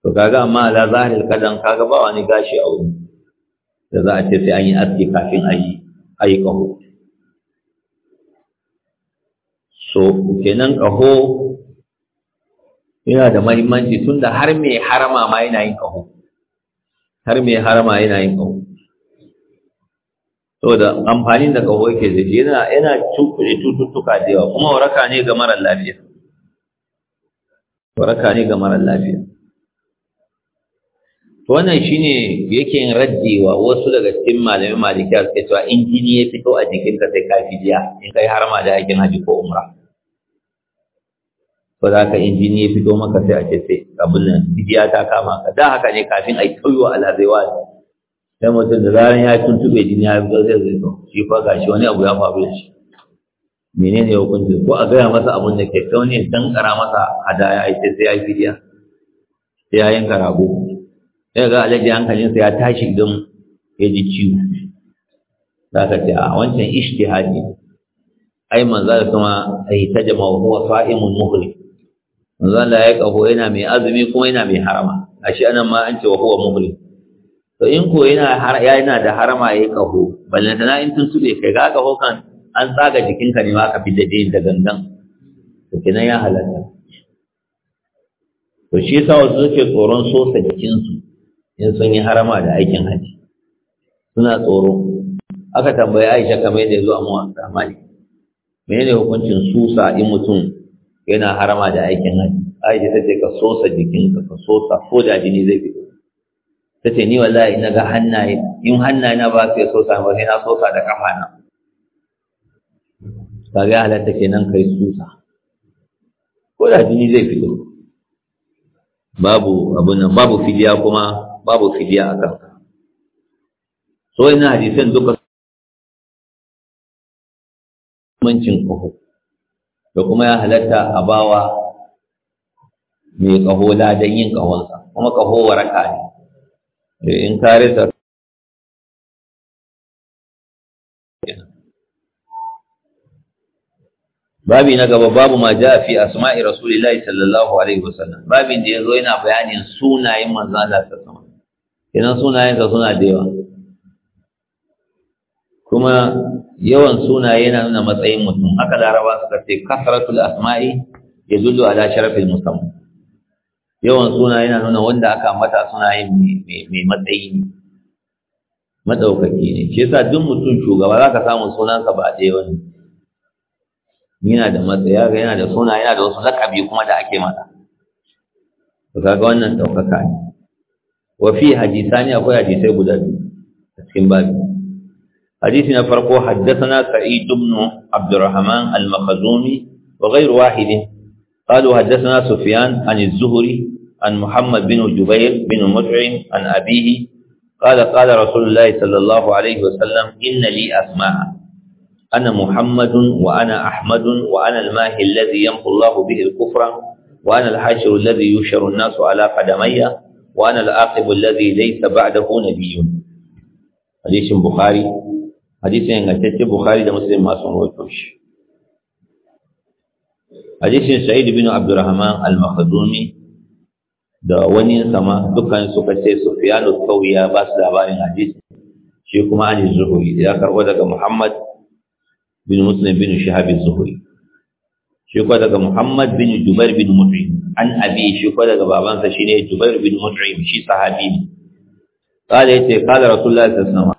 to kaga amma ala zahir kadan kaga ba wani gashi a wurin, da za a ce sai an yi aski kafin a yi a yi ƙaho so kenan ƙaho yana da mahimmanci tunda har mai harama ma yana yin kaho har mai harama yana yin kaho saboda amfanin da kaho yake da yana yana cututtuka da yawa kuma waraka ne ga marar lafiya waraka ne ga mara lafiya to wannan shine yake yin raddewa wasu daga cikin malamai malikiya suke cewa in jini ya fito a jikinka sai ka jiya, in kai harama da aikin haji ko umra ba za ka injini ya fito maka sai a ce sai abin nan bidiya ta kama ka da haka ne kafin a yi tauyo alazewa ne sai mutum da zaran ya tuntuɓe jini ya fito sai zai to shi fa ga shi wani abu ya faru da shi menene hukunci ko a gaya masa abin da ke kauni dan kara masa hadaya a ce sai ya yi bidiya sai ya yanka rago sai ga alaji hankalinsa ya tashi idan ya ji ciwo za ka ce a wancan ishtihadi ai manzo da kuma sai ta jama'a huwa sa'imun muhlim manzo Allah ya kaho yana mai azumi kuma yana mai harama ashe anan ma an ce wa huwa muhrim to in ko yana yana da harama ya kaho tana in tun sube kai ga kaho kan an tsaga jikinka ne ma ka fita da da gangan to kenan ya halatta to shi yasa wasu suke tsoron sosa jikinsu in sun yi harama da aikin haji suna tsoro aka tambayi Aisha kamar yadda ya zo a mawa samani. menene hukuncin susa in mutum yana harama da aikin haji aisha ta ce ka sosa jikinka ka sosa ko da jini zai fito ta ce ni wallahi na ga hannaye in hannaye na ba su ya sosa ba sai na sosa da kafa na ka ga halatta kenan kai susa ko da jini zai fito babu abun nan babu fidiya kuma babu fidiya a kanka so ina hadisan duka mancin kuhu da kuma ya halatta a bawa mai kaho ladan yin kahonsa kuma kaho waraka ne eh, in ka rasa babi na gaba babu ma ja fi asma'i rasulillahi sallallahu alaihi wasallam babin da yazo yana bayanin sunayen manzon Allah sallallahu alaihi wasallam sunayen sa suna da yawa kuma yawan sunaye yana nuna matsayin mutum haka rawa suka ce kasratul asma'i yadullu ala sharafil musamman yawan suna yana nuna wanda aka mata suna yin mai matsayi ne madaukaki ne shi yasa duk mutum shugaba za ka samu sunansa ba a ɗaya wani yana da matsaya ga yana da suna yana da wasu lakabi kuma da ake mata ga ga wannan ɗaukaka ne wa fi hadisani akwai hadisai guda biyu a cikin babu حديثنا فرقو حدثنا سعيد بن عبد الرحمن المخزومي وغير واحد قالوا حدثنا سفيان عن الزهري عن محمد بن جبير بن مطعم عن أبيه قال قال رسول الله صلى الله عليه وسلم إن لي أسماء أنا محمد وأنا أحمد وأنا الماهي الذي يمحو الله به الكفر وأنا الحاشر الذي يشر الناس على قدمي وأنا العاقب الذي ليس بعده نبي حديث البخاري hadisin ingantacce bukhari da muslim masu rawaito shi hadisin sa'id bin abdurrahman al-makhdumi da wani sama dukkan suka ce sufyanu tsawiya ba su labarin hadisi shi kuma an zuhuri ya karbo daga muhammad bin muslim bin shihab zuhuri shi kuma daga muhammad bin jubair bin mut'im an abi shi kuma daga babansa shine jubair bin mut'im shi sahabi ne قال يتي قال رسول الله صلى الله عليه وسلم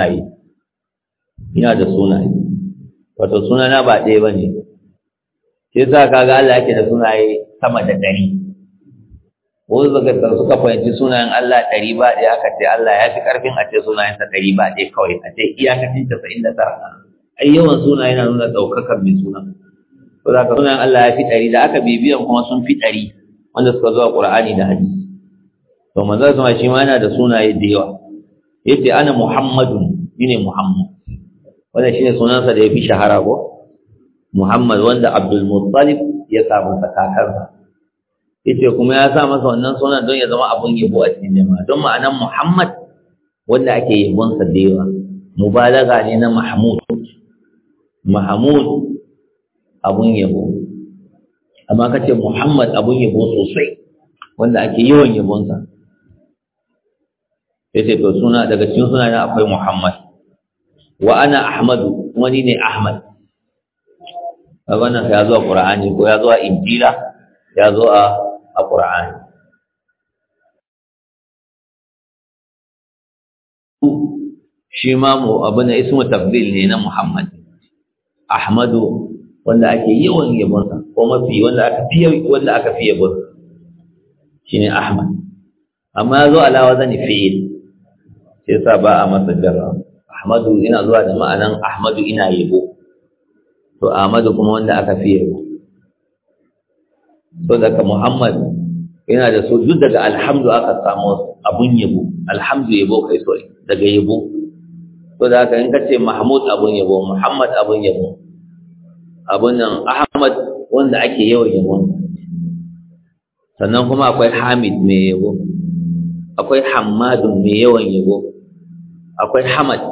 sunaye ina da sunaye wato na ba ɗaya ba ne Ke sa kaga Allah yake da sunaye sama da ɗari wasu daga suka fahimci sunayen Allah ɗari ba ɗaya aka ce Allah ya fi ƙarfin a ce sunayen sa ɗari ba ɗaya kawai a ce iyakacin casa'in da tara ai yawan suna yana nuna ɗaukakar mai suna to da sunayen Allah ya fi ɗari da aka bibiyan kuma sun fi ɗari wanda suka zuwa ƙur'ani da hadisi to manzo sama shi ma yana da sunaye da yawa yace ana muhammadun shine Muhammad wannan shine sunansa da yafi shahara ko Muhammad wanda Abdul Muttalib ya samu sakakarsa yace kuma ya sa masa wannan sunan don ya zama abun yabo a cikin jama'a don ma'anan Muhammad wanda ake yabon sa da yawa mubalaga ne na Mahmud Mahmud abun yabo amma kace Muhammad abun yabo sosai wanda ake yawan yabon ya ce to suna daga cikin suna akwai muhammad wa ana ahmadu wani ne ahmad wannan ya zo a ƙura'ani ko ya zo a injila ya zo a ƙura'ani shi ma mu abin da ismu tabdil ne na muhammad ahmadu wanda ake yawan yabonsa ko mafi wanda aka fiye wanda aka fiye shi shine ahmad amma ya zo alawa zani fi'il sai sa ba a masa jarra ahmadu ina zuwa da ma'anan ahmadu ina yabo to ahmadu kuma wanda aka fi yabo so daga muhammad yana da so duk daga alhamdu aka samu abun yabo alhamdu yabo kai so daga yabo so da haka in ka ce mahmud abun yabo muhammad abun yabo abun nan ahmad wanda ake yawan yabo sannan kuma akwai hamid mai yabo akwai hamadun mai yawan yabo akwai hamad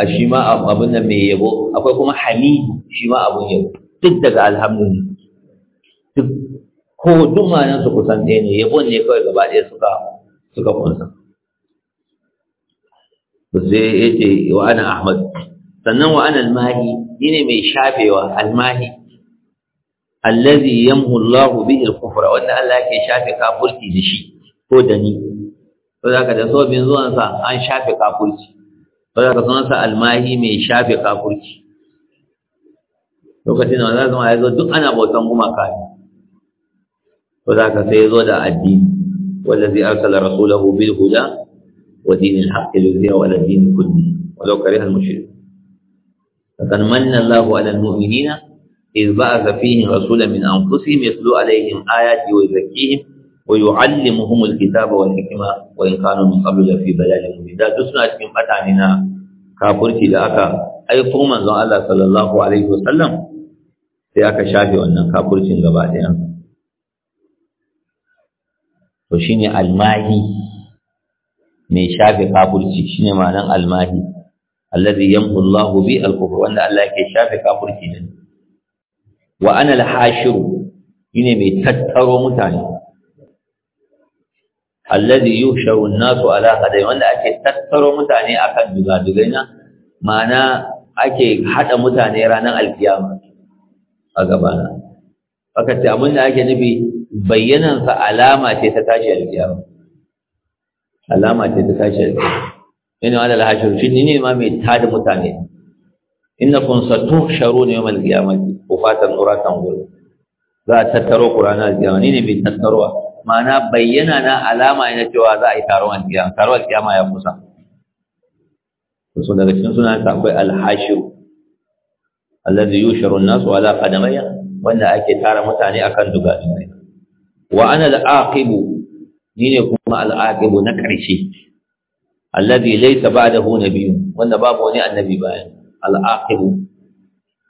a shi ma abun nan mai yabo akwai kuma hamidu shi ma abun yabo duk daga alhamdu ko duk ma'anar su kusan ɗaya ne yabon ne kawai gaba ɗaya suka suka kunsa sai ya ce wa ana ahmad sannan wa ana almahi ni ne mai shafewa almahi allazi yamhu Allah bihi al-kufra wanda Allah yake shafe kafirci da shi ko da ni to zaka da so bin zuwan sa an shafe kafirci saboda ka almahi mai shafe kafurci lokacin da manzon sama ya zo duk ana bautan gumaka ne saboda ka sai ya zo da addini wallazi arsala rasulahu bil huda wa dinil haqqi lizuya wa din kulli wa law kariha al mushrikun فقد من الله على المؤمنين إذ بعث فيهم رسولا من أنفسهم يتلو عليهم آياته ويزكيهم ويعلمهم الكتاب والحكمة وإن كانوا من قبل في ضلال مبين da duk suna cikin batane na kafirci da aka aiko manzon Allah sallallahu alaihi wasallam sai aka shafe wannan kafircin gaba ɗaya to shine almahi mai shafe kafirci shine ma'anar almahi allazi yamhu Allahu bi al-kufr wanda Allah ke shafe kafirci din wa ana al-hashir shine mai tattaro mutane alladhi yushawu an-nasu ala hadai wanda ake tattaro mutane akan duga duga na ma'ana ake hada mutane ranar alkiyama a gabana aka ce abin da ake nufi bayyanansa alama ce ta tashi alkiyama alama ce ta tashi alkiyama ina wala alhashir shi ne ma mai tada mutane innakum satuhsharuna yawm alqiyamati ufatan nuratan gol za a tattaro qur'ana alqiyama ne bi tattaro ma'ana bayyana na alama ne na cewa za a yi taron alƙiyama. taron alƙiyama ya kusa Wasu daga cikin sunan ta akwai alhashir alladhi yushiru an-nas ala qadamayya wanda ake tara mutane akan dugadugai wa ana al-aqibu ni ne kuma al-aqibu na karshe alladhi laysa ba'dahu nabiyyun wanda babu wani annabi bayan al-aqibu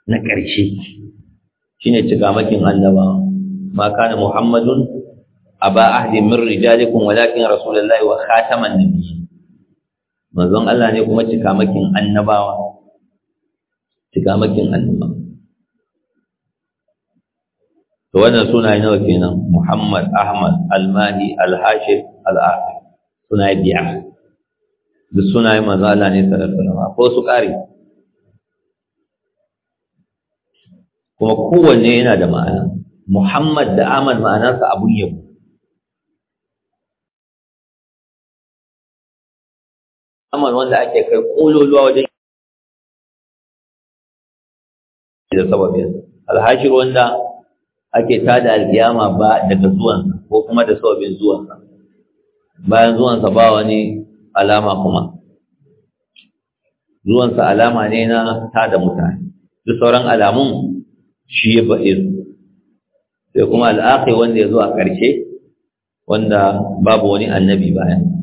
na karshe shine cika makin annaba ma kana muhammadun aba ahdi min rijalikum walakin rasulullahi wa khataman nabiyyi manzon Allah ne kuma cikamakin annabawa makin annaba to wannan sunaye nawa kenan Muhammad Ahmad Almani al alafi al sunaye bi'a duk sunaye manzon Allah ne sallallahu alaihi wasallam ko su kare kuma kowanne yana da ma'ana Muhammad da Ahmad ma'anarsa abun yabo musamman wanda ake kai kololuwa wajen da sababin alhashir wanda ake tada alkiyama ba daga zuwansa ko kuma da sababin zuwansa bayan zuwansa ba wani alama kuma zuwansa alama ne na tada mutane duk sauran alamun shi ya faɗi sai kuma al'aƙi wanda ya zo a ƙarshe wanda babu wani annabi bayan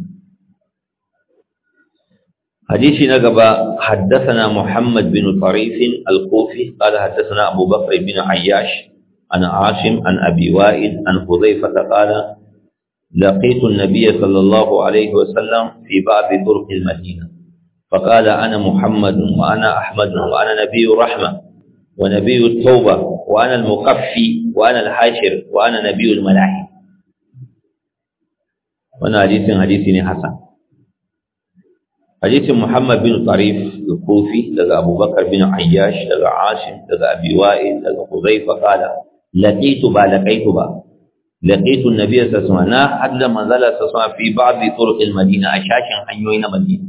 حديث نقبا حدثنا محمد بن طريف الكوفي قال حدثنا أبو بكر بن عياش عن عاصم عن أبي وائل عن حذيفة قال لقيت النبي صلى الله عليه وسلم في بعض طرق المدينة فقال أنا محمد وأنا أحمد وأنا نبي الرحمة ونبي التوبة وأنا المقفي وأنا الحاشر وأنا نبي الملاحي وانا حديث حديث حسن hadisin Muhammad bin Tarif al daga Abubakar bin Ayyash daga Asim daga Abi daga Huzaifa qala laqitu ba laqitu ba laqitu an-nabiy sallallahu alaihi wasallam hadda manzala sallallahu fi ba'd turuq al-Madina ashashin hanyoyin Madina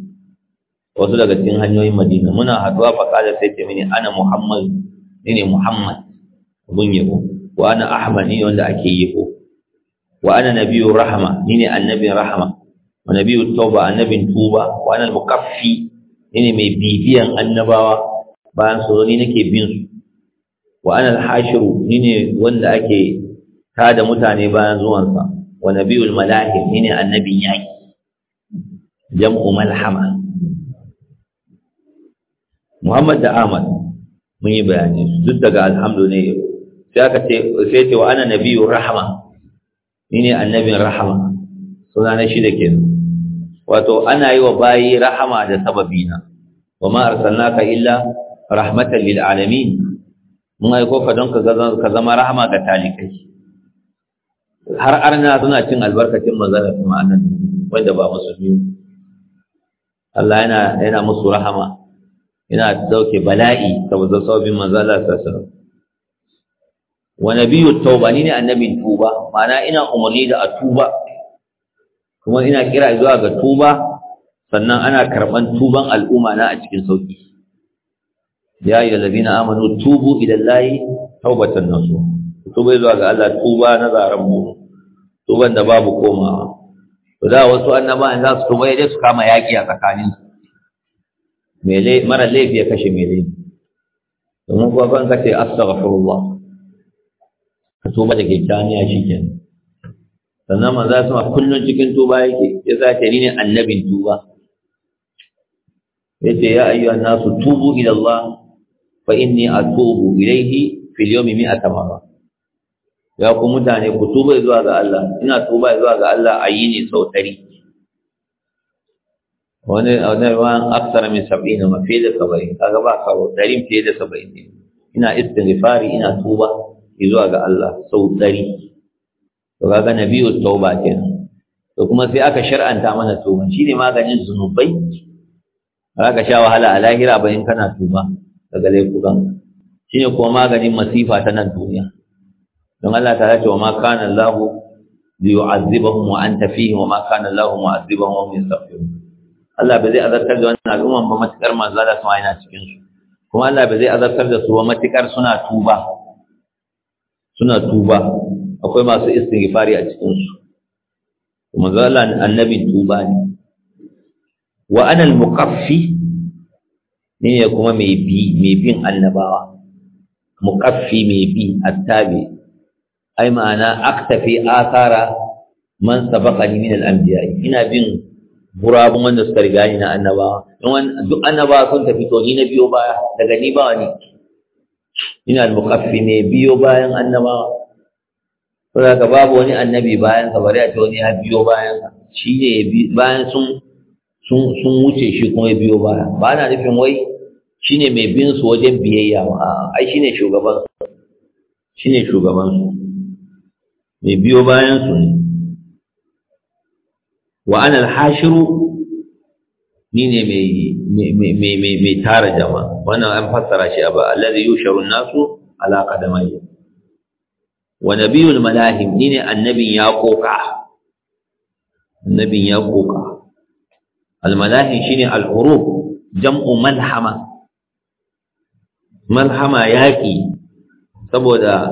wasu daga cikin hanyoyin Madina muna haduwa fa sai ce mini ana Muhammad ne Muhammad abun yabo wa ana Ahmad ne wanda ake yabo wa ana nabiyur rahma ne annabin rahma wa nabiyyu tauba annabin tuba wa anal mukaffi ne mai bibiyan annabawa bayan su ni nake bin su wa anal hashiru ne wanda ake tada mutane bayan zuwansa wa nabiyul malahim ne annabin yaki jam'u malhama Muhammad da Ahmad mun yi bayani duk daga alhamdu ne sai aka ce sai ce wa ana nabiyur rahama ni ne annabin rahama suna na shi da kenan wato ana yi wa bayi rahama da sababina wa ma arsalnaka illa rahmatan lil alamin mun aiko ka don ka zama rahama ga talikai har arna suna cin albarkacin manzalar kuma anan wanda ba musu biyu. Allah yana yana musu rahama yana dauke bala'i saboda sababin manzalar sasa wa nabiyyu tauba ne annabin tuba ma'ana ina umarni da atuba kuma ina kira zuwa ga tuba sannan ana karban tuban al'umma na a cikin sauki ya yi zabi na amanu tubu idan layi taubatan nasuha tuba zuwa ga Allah tuba na zaren mu tuban da babu komawa to da wasu annabawan za su tuba ya su kama yaƙi a tsakaninsu mara laifi ya kashe mai laifi domin kuwa ban kace astaghfirullah ka tuba da kyakkyawan ya shi kenan sannan su ma kullum cikin tuba yake ya sa ta ni ne annabin tuba yace ya ayyuhan nasu tubu ila Allah fa inni atubu ilayhi fil yawmi mi'ata mara ya ku mutane ku tuba zuwa ga Allah ina tuba zuwa ga Allah a yi ne sau ɗari wani wani aksar min sab'ina ma fiye da sabai kaga ba kawo ɗarin fiye da sabai ne ina istighfari ina tuba zuwa ga Allah sau to kaga nabiyu tauba kenan to kuma sai aka shar'anta mana tuba shine maganin zunubai ka sha wahala a lahira ba in kana tuba daga laifukan shine kuma maganin masifa ta nan duniya don Allah ta ce wa ma kana Allahu liyu'azzibahum wa anta fihi wa ma kana lahu mu'azzibahum wa hum yastaghfirun Allah bai zai azabtar da wannan al'umman ba matukar manzo da sama yana cikin su kuma Allah bai zai azabtar da su ba matukar suna tuba suna tuba akwai masu istighfari a cikin su manzo Allah annabin tuba ne wa ana al-muqaffi ne kuma mai bi mai bin annabawa muqaffi mai bi attabi ai ma'ana aktafi athara man sabaqani min al-anbiya ina bin burabun wanda suka riga ni na annabawa duk annabawa sun tafi to ni na biyo baya daga ni ba ni ina al-muqaffi ne biyo bayan annabawa ka babu wani annabi bayan ka bari a ce wani ya biyo bayan ka shi ne bayan sun sun sun wuce shi kuma ya biyo baya ba na nufin wai shi ne mai bin su wajen biyayya ba ai shi ne shugaban shi ne shugaban su mai biyo bayan su ne wa ana alhashiru ni ne mai tara jama'a wannan an fassara shi a ba alladhi yusharu nasu ala qadamayya wa nabiyul malahim ni ne annabin ya koka annabin ya koka al malahim shine al huruf jam'u malhama malhama yaki saboda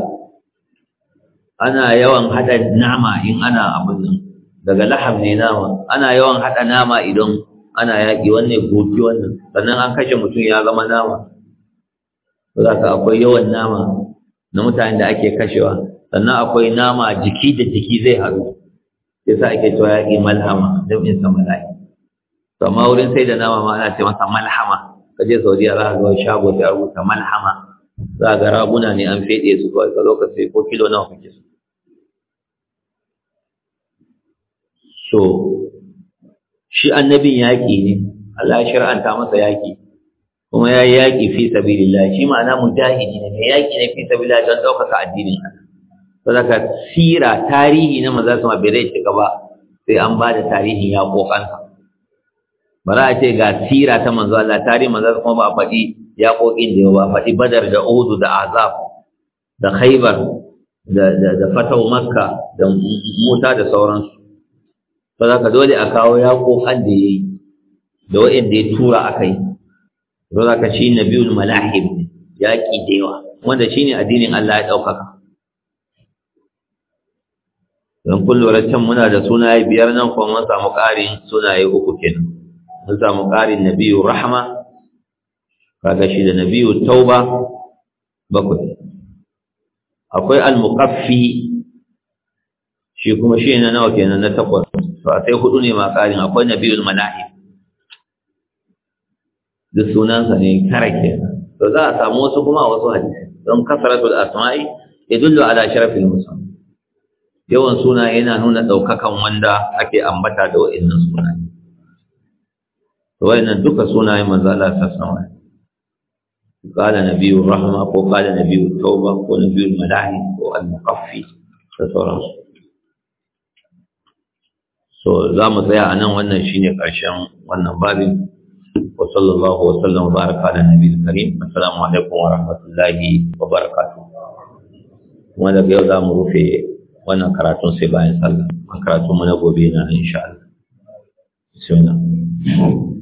ana yawan hada nama in ana abin nan daga lahab ne nama ana yawan hada nama idan ana yaki wannan gobe wannan sannan an kashe mutum ya zama nama saboda akwai yawan nama na mutanen da ake kashewa sannan akwai nama jiki da jiki zai haɗu sa ake cewa yaƙi malhama jam'in sa mala'i to amma wurin sai da nama ma ana ce masa malhama ka je saudiya za ka ga shago ta rubuta malhama za ga raguna ne an feɗe su kawai ka zo ka sai ko kilo nawa kake so so shi annabin yaƙi ne Allah shar'anta masa yaƙi kuma ya yi yaƙi fi sabilillah shi ma'ana mujahidi ne yaƙi ne fi sabilillah don ɗaukaka addinin Allah ka sira tarihi na maza su bai zai shiga ba sai an ba da tarihin ya kokansa ba za a ce ga sira ta manzo Allah tarihin maza kuma ba a faɗi ya kokin da ba a faɗi badar da udu, da azab da khaibar da fatau makka da mota da sauransu saboda ka dole a kawo ya kokan da ya yi da waɗanda ya tura a kai saboda ka shi nabiyul malahib yaƙi da yawa wanda shine addinin Allah ya ɗaukaka don kun lura can muna da sunaye biyar nan kuma mun samu ƙarin sunaye uku kenan mun samu ƙarin nabiyu rahma kaga shi da nabiyu tauba bakwai akwai al-muqaffi shi kuma shi ne nawa kenan na takwas to a sai hudu ne ma ƙarin akwai nabiyu mala'i duk sunansa ne kara kenan to za a samu wasu kuma a wasu hadisi don kasaratul asma'i yadullu ala sharafil musamman yawan suna yana nuna ɗaukakan wanda ake ambata da wa'innan sunaye wa'innan duka sunaye manzo Allah ta sama na nabiyur rahma ko na nabiyut tauba ko nabiyul malahi ko al-muqaffi da sauransu so za mu tsaya a nan wannan shine ƙarshen wannan babin wa sallallahu wa sallam wa baraka ala nabiyil karim assalamu alaikum wa rahmatullahi wa barakatuh kuma daga yau za mu rufe wannan karatun sai bayan sallah karatun mu na gobe na insha Allah sai